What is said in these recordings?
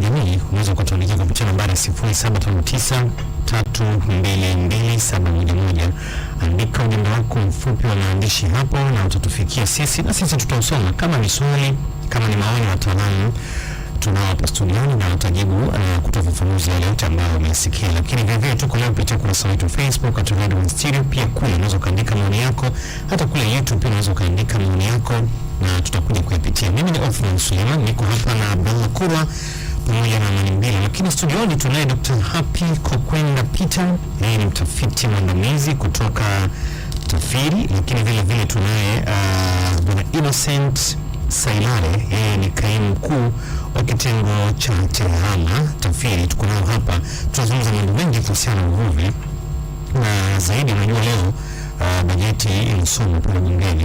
kijamii unaweza ukatuandikia kupitia nambari sifuri saba saba tano tisa tatu mbili mbili moja moja. Andika ujumbe wako mfupi wa maandishi hapo na utatufikia sisi, na sisi tutausoma kama ni swali, kama ni maoni ya wataalamu tunao hapa studioni na watajibu na eh, kutoa ufafanuzi yale yote ambayo wamesikia. Lakini vile vile tuko leo kupitia ukurasa wetu Facebook at Radio One pia kule unaweza ukaandika maoni yako, hata kule YouTube pia unaweza ukaandika maoni yako na tutakuja kuyapitia. Mimi ni Othman Suleiman, niko hapa na Bella Kurwa pamoja na amani mbili, lakini studioni tunaye Dr. Happy Kokwenda Peter, yeye ni mtafiti mwandamizi kutoka TAFIRI, lakini vile vile tunaye ah, bwana uh, Innocent Sailare, yeye ni kaimu mkuu wa kitengo cha TEHAMA TAFIRI. Tuko nao hapa, tunazungumza mambo mengi kuhusiana na uvuvi na zaidi, unajua leo uh, bajeti ilisomwa pale bungeni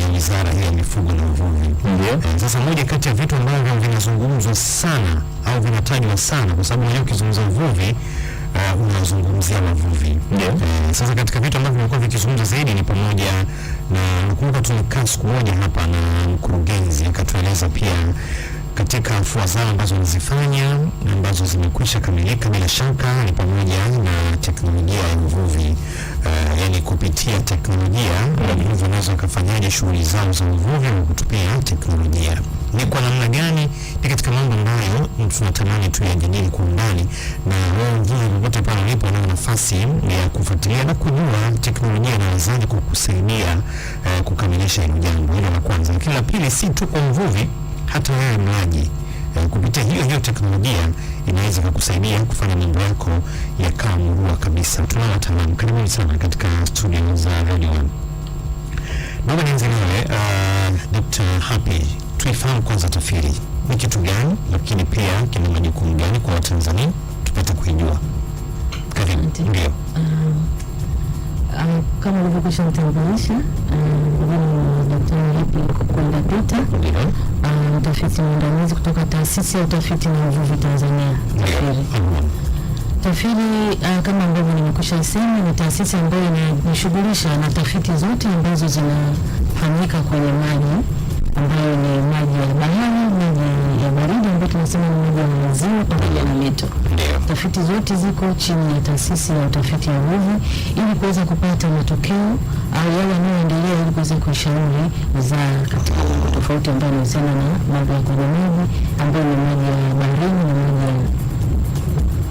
na wizara hii ya mifugo na uvuvi. Sasa moja kati ya vitu ambavyo vinazungumzwa sana au vinatajwa sana, kwa sababu ukizungumza uvuvi Uh, unazungumzia wavuvi yeah. Uh, sasa katika vitu ambavyo vimekuwa vikizungumza zaidi ni pamoja na, nakumbuka tulikaa siku moja hapa na mkurugenzi akatueleza pia katika afua zao ambazo wanazifanya ambazo zimekwisha kamilika bila shaka ni pamoja kupitia teknolojia, wanunuzi unaweza wakafanyaje shughuli zao za uvuvi kwa kutupia teknolojia ni kwa namna gani, ni katika mambo ambayo tunatamani tuyajadili kwa undani, na wewe mvuvi popote pale ulipo, unao nafasi ya kufuatilia na kujua teknolojia inawezaje kukusaidia eh, kukamilisha hilo jambo. Hilo la kwanza, lakini la pili, si tu kwa mvuvi, hata wewe mlaji kupitia hiyo hiyo teknolojia inaweza kukusaidia kufanya mambo yako yakaamurua kabisa. Tunao wataalamu karibuni sana katika studio za Radio One. Naomba nianze nawe uh, Dr. Happy, tuifahamu kwanza TAFIRI ni kitu gani, lakini pia kina majukumu gani kwa Watanzania tupate kuijua. Karibu. Ndio, uh, um, kama ulivyokwisha nitambulisha uh, Mkunda Pita, mtafiti ah, mwandamizi kutoka taasisi ya utafiti na uvuvi Tanzania TAFIRI. TAFIRI ah, kama ambavyo nimekwisha sema, ni taasisi ambayo inajishughulisha na tafiti zote ambazo zinafanyika kwenye maji ambayo ni maji ya bahari, maji ya baridi ambayo tunasema ni maji ya maziwa pamoja na mito. Tafiti zote ziko chini ya taasisi ya utafiti ya uvuvi ili kuweza kupata matokeo au ah, yale kuweza kushauri wizara katika mambo tofauti ambayo yanahusiana na mambo ya kuja maji ambayo ni maji ya baharini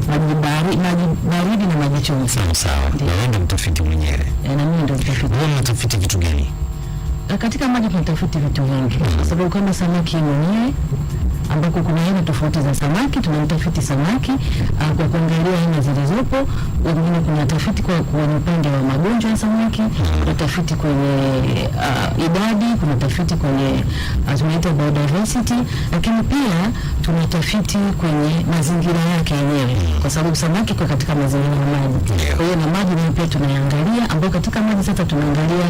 na maji maji baridi na maji chumvi. Sawa sawa, na ndio mtafiti mwenyewe e, na mimi ndio mtafiti. Wewe mtafiti kitu gani? E, katika maji tunatafiti vitu vingi, hmm. kwa sababu kama samaki mwenyewe ambako kuna aina tofauti za samaki. Tunamtafiti samaki uh, kwa kuangalia aina zilizopo. Wengine kuna tafiti kwa kwenye upande wa magonjwa ya samaki, kuna tafiti kwenye uh, idadi, kuna tafiti kwenye uh, tunaita biodiversity, lakini pia tuna tafiti kwenye mazingira yake yenyewe, kwa sababu samaki kwa katika mazingira ya maji. Kwa hiyo na maji nayo pia tunaangalia, ambayo katika maji sasa tunaangalia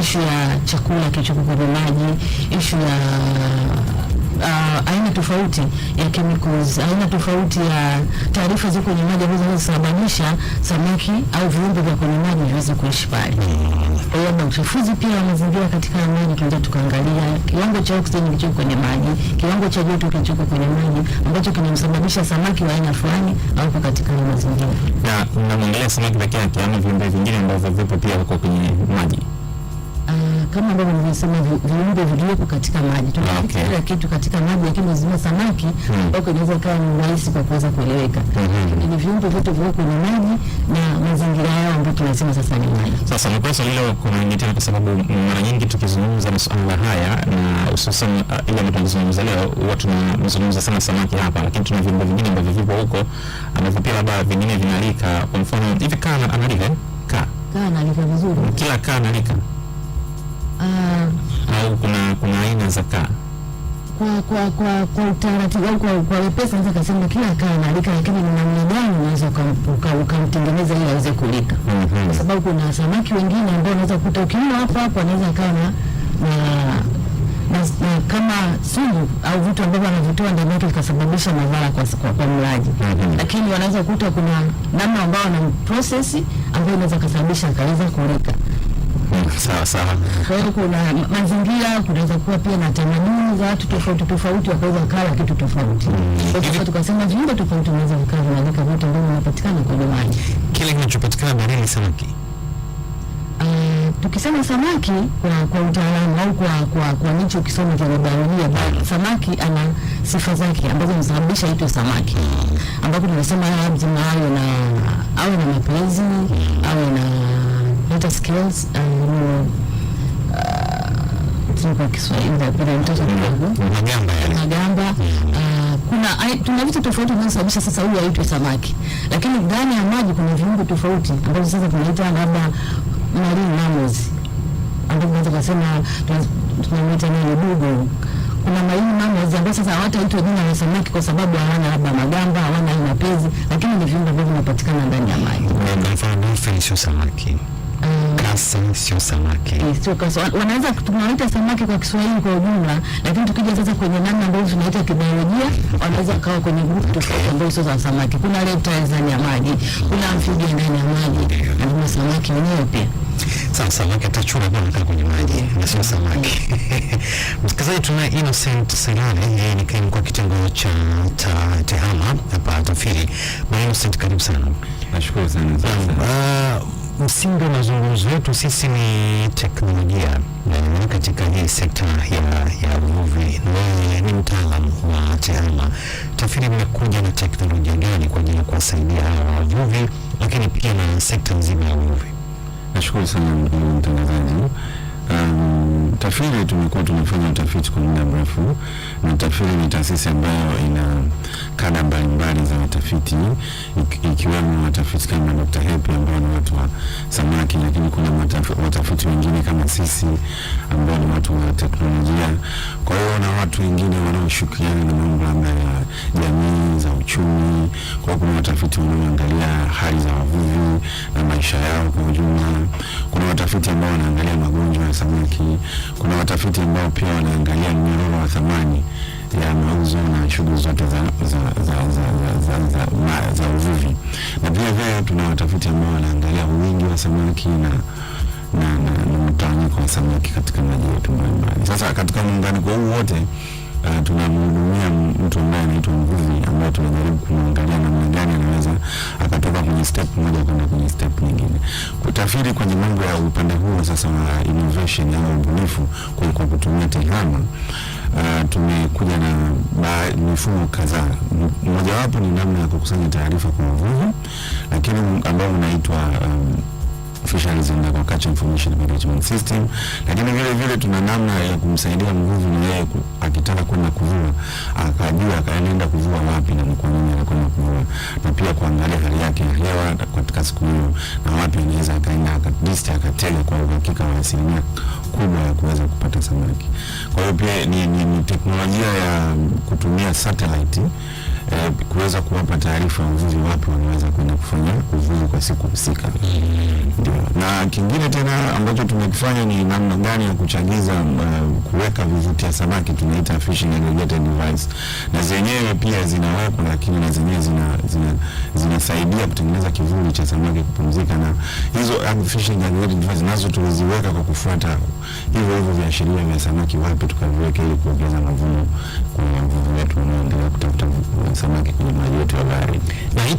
ishu ya chakula kilichokuwa kwenye maji, ishu ya uh, aina tofauti ya chemicals, aina tofauti ya taarifa ziko kwenye maji ambazo zinasababisha samaki au viumbe vya kwenye maji viweze kuishi pale. Kwa hiyo na uchafuzi pia wa mazingira katika maji, tunaweza tukaangalia kiwango cha oksijeni kilicho kwenye maji, kiwango cha joto kilichoko kwenye maji ambacho kinamsababisha samaki wa aina fulani au kwa katika mazingira. Na mnaangalia samaki pekee yake ama viumbe vingine ambavyo vipo pia huko kwenye maji? kama ambavyo nimesema, viumbe viliopo katika maji tunapika ah, okay. kitu katika maji, lakini lazima samaki hmm. au inaweza ikawa ni rahisi kwa kuweza kueleweka, hmm. ni viumbe vyote vilivyo kwenye maji na mazingira yao ambayo tunasema sasa ni maji. Sasa nikuwa swali hilo kumaini tena, kwa sababu mara nyingi tukizungumza masuala haya na hususan uh, ile ambayo tunazungumza leo, huwa tunazungumza sana samaki hapa, lakini tuna viumbe vingine ambavyo vipo huko ambavyo pia labda vingine vinalika. Kwa mfano hivi kana analika eh? ka kana analika vizuri, kila kana analika Ah. au kuna kuna aina za kaa kwa kwa kwa kwa utaratibu au kwa kwa wepesi naweza kusema kila kaa nalika, lakini ni namna gani unaweza ukamtengeneza ili aweze kulika, mhm. kwa sababu kuna samaki wengine ambao unaweza kukuta ukimla hapo hapo anaweza akawa na na kama sumu au vitu ambavyo wanavitoa ndani yake vikasababisha madhara kwa, kwa, kwa mlaji mm -hmm. Lakini wanaweza kukuta kuna namna ambayo wana process ambayo inaweza kasababisha akaweza kulika sawa sawa. Kwa hiyo kuna mazingira, kunaweza kuwa pia na tamaduni za watu tofauti tofauti, wakaweza kala kitu tofauti, mm. tukasema viumbe tofauti vinaweza vikaa vinalika vitu ambavyo vinapatikana kwenye maji, kile kinachopatikana baharini samaki ah, tukisema samaki kwa, kwa utaalamu au kwa kwa kwa nicho kisomo cha biolojia samaki ana sifa zake ambazo zinasababisha itwe samaki, ambapo tunasema mzima awe na awe na mapenzi awe na hata skills um, kwa uh, Kiswahili mtoto mdogo mm, mm, magamba mm. uh, kuna tuna vitu tofauti vinasababisha sasa huyu aitwe samaki, lakini ndani ya maji kuna viungo tofauti ambavyo sasa tunaita labda marine mammals, ambapo tunaweza kusema tunaita nini dugo. Kuna marine mammals ambao sasa hawataitwa jina la samaki kwa sababu hawana labda magamba, hawana mapezi, lakini ni viungo ambavyo vinapatikana ndani ya maji. Kwa mfano dolphin sio samaki hasa eh, sio samaki. Wanaweza tunaita samaki kwa Kiswahili kwa ujumla, lakini tukija sasa kwenye namna ambayo tunaita kibiolojia, wanaweza kawa kwenye grupu tofauti ambayo sio za samaki. Kuna reptiles ndani ya maji, kuna amfibia ndani ya maji, na kuna samaki wenyewe pia sana samaki atachura kwa anakaa kwenye maji na sio samaki. Msikilizaji, tuna Innocent Selale, yeye ni kaimu kwa kitengo cha ta, tehama hapa TAFIRI. Bwana Innocent, karibu sana. Nashukuru sana. Uh, msingi wa mazungumzo yetu sisi ni teknolojia katika hii sekta ya ya uvuvi, na ni mtaalamu wa tehama. TAFIRI mmekuja na teknolojia gani kwa ajili ya kuwasaidia hawa wavuvi, lakini pia na sekta nzima ya uvuvi? Nashukuru sana mtangazaji. Um, TAFIRI tumekuwa tunafanya utafiti kwa muda mrefu, na TAFIRI ni taasisi ambayo ina kada mbalimbali za watafiti ikiwemo watafiti kama Dr. hep ambao ni watu wa samaki, lakini kuna watafiti wengine kama sisi ambao ni watu wa teknolojia kwa kuona watu wengine wanaoshukiana na mambo labda ya jamii za uchumi, kwa kuna watafiti wanaoangalia hali za wavuvi na maisha yao kwa ujumla. Kuna watafiti ambao wanaangalia magonjwa ya samaki. Kuna watafiti ambao pia wanaangalia mnyororo wa thamani ya mauzo na shughuli zote za za uvuvi, na vilevile tuna watafiti ambao wanaangalia wingi wa samaki na kwa samaki katika maji yetu mbalimbali. Sasa katika muunganiko huu wote uh, tunamhudumia mtu ambaye anaitwa mvuvi, ambaye tunajaribu kumwangalia namna gani anaweza akatoka kwenye step moja kwenda kwenye step nyingine. Kutafiri kwenye mambo ya upande huo sasa wa innovation au ubunifu kwa kutumia tehama Uh, tumekuja na mifumo kadhaa. Mmojawapo ni namna ya kukusanya taarifa kwa wavuvi, lakini ambao unaitwa um, officialism na culture information management system, lakini vile vile tuna namna ya kumsaidia mvuvi na yeye akitaka kwenda kuvua akajua akaenda kuvua wapi na kwa nini anakwenda kuvua, na pia kuangalia hali yake ya hewa katika siku hiyo na wapi anaweza akaenda akadisti akatega kwa uhakika wa asilimia kubwa ya kuweza kupata samaki. Kwa hiyo pia ni, ni, ni teknolojia ya kutumia satellite eh, kuweza kuwapa taarifa wavuvi wapi wanaweza kwenda kufanya uvuvi kwa siku husika. Ndio. Na kingine tena ambacho tumekifanya ni namna gani ya kuchagiza eh, kuweka vivutia samaki tunaita fishing aggregator device, na zenyewe pia zinawekwa, lakini na zenyewe zina, zina, zinasaidia kutengeneza kivuli cha samaki kupumzika, na hizo eh, fishing aggregator device nazo tuliziweka kwa kufuata hivyo hivyo viashiria vya samaki wapi tukaviweka ili kuongeza mavuno kwa wavuvi wetu wanaoendelea kutafuta samaki kwenye maji yote ya bahari. Na hii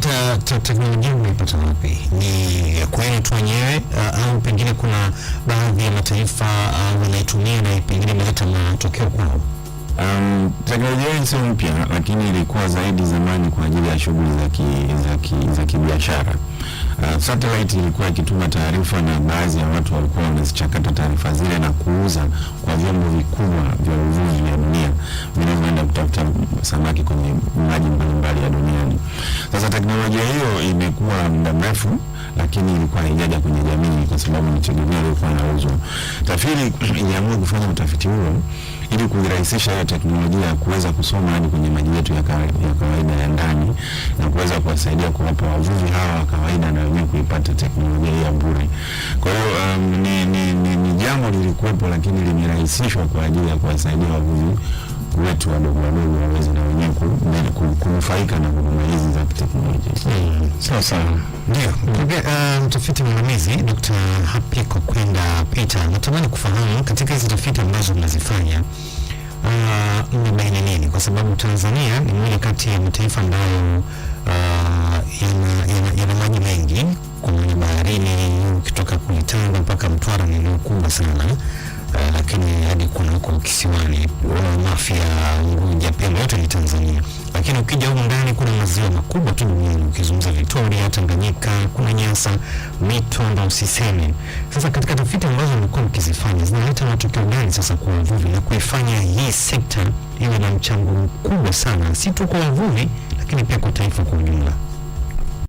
teknolojia umeipata wapi? Ni ya kwenu tu wenyewe au pengine kuna baadhi ya mataifa wanaitumia na pengine imeleta matokeo kwao? Um, teknolojia hii sio mpya, lakini ilikuwa zaidi zamani kwa ajili ya shughuli za kibiashara. Uh, satellite ilikuwa ikituma taarifa na baadhi ya watu walikuwa wanazichakata taarifa zile na kuuza kwa vyombo vikubwa vya uvuvi vya dunia vinavyoenda kutafuta samaki zake kwenye maji mbalimbali ya duniani. Sasa teknolojia hiyo imekuwa muda mrefu, lakini ilikuwa haijaja kwenye jamii kwa sababu ni tegemeo ilikuwa inauzwa. TAFIRI iliamua kufanya utafiti huo ili kuirahisisha hiyo teknolojia ya kuweza kusoma hadi kwenye maji yetu ya kawaida ya ndani na kuweza kuwasaidia kuwapa wavuvi hawa wa kawaida na wenyewe kuipata teknolojia hii ya bure. Kwa hiyo um, ni, ni, ni, ni jambo lilikuwepo, lakini limerahisishwa kwa ajili ya kuwasaidia wavuvi wetu wadogo wadogo waweze na wenyewe kunufaika na huduma hizi za kiteknolojia. Sawa sawa, ndio eh, mtafiti mwandamizi d Hapiko kwenda Peter, natamani kufahamu katika hizi tafiti ambazo mnazifanya uh, mmebaini nini? Kwa sababu Tanzania ni moja kati ya mataifa ambayo uh, yana maji mengi, kwa baharini, ukitoka kule Tanga mpaka Mtwara ni eneo kubwa sana lakini hadi kuna huko kisiwani Mafia, Unguja, Pemba, yote ni Tanzania. Lakini ukija huko ndani kuna maziwa makubwa tu ukizungumza Victoria, Tanganyika, kuna Nyasa, mito na usiseme. Sasa katika tafiti ambazo mlikuwa mkizifanya zinaleta matokeo gani sasa kwa wavuvi na kuifanya hii sekta iwe na mchango mkubwa sana si tu kwa wavuvi, lakini pia kwa taifa kwa ujumla?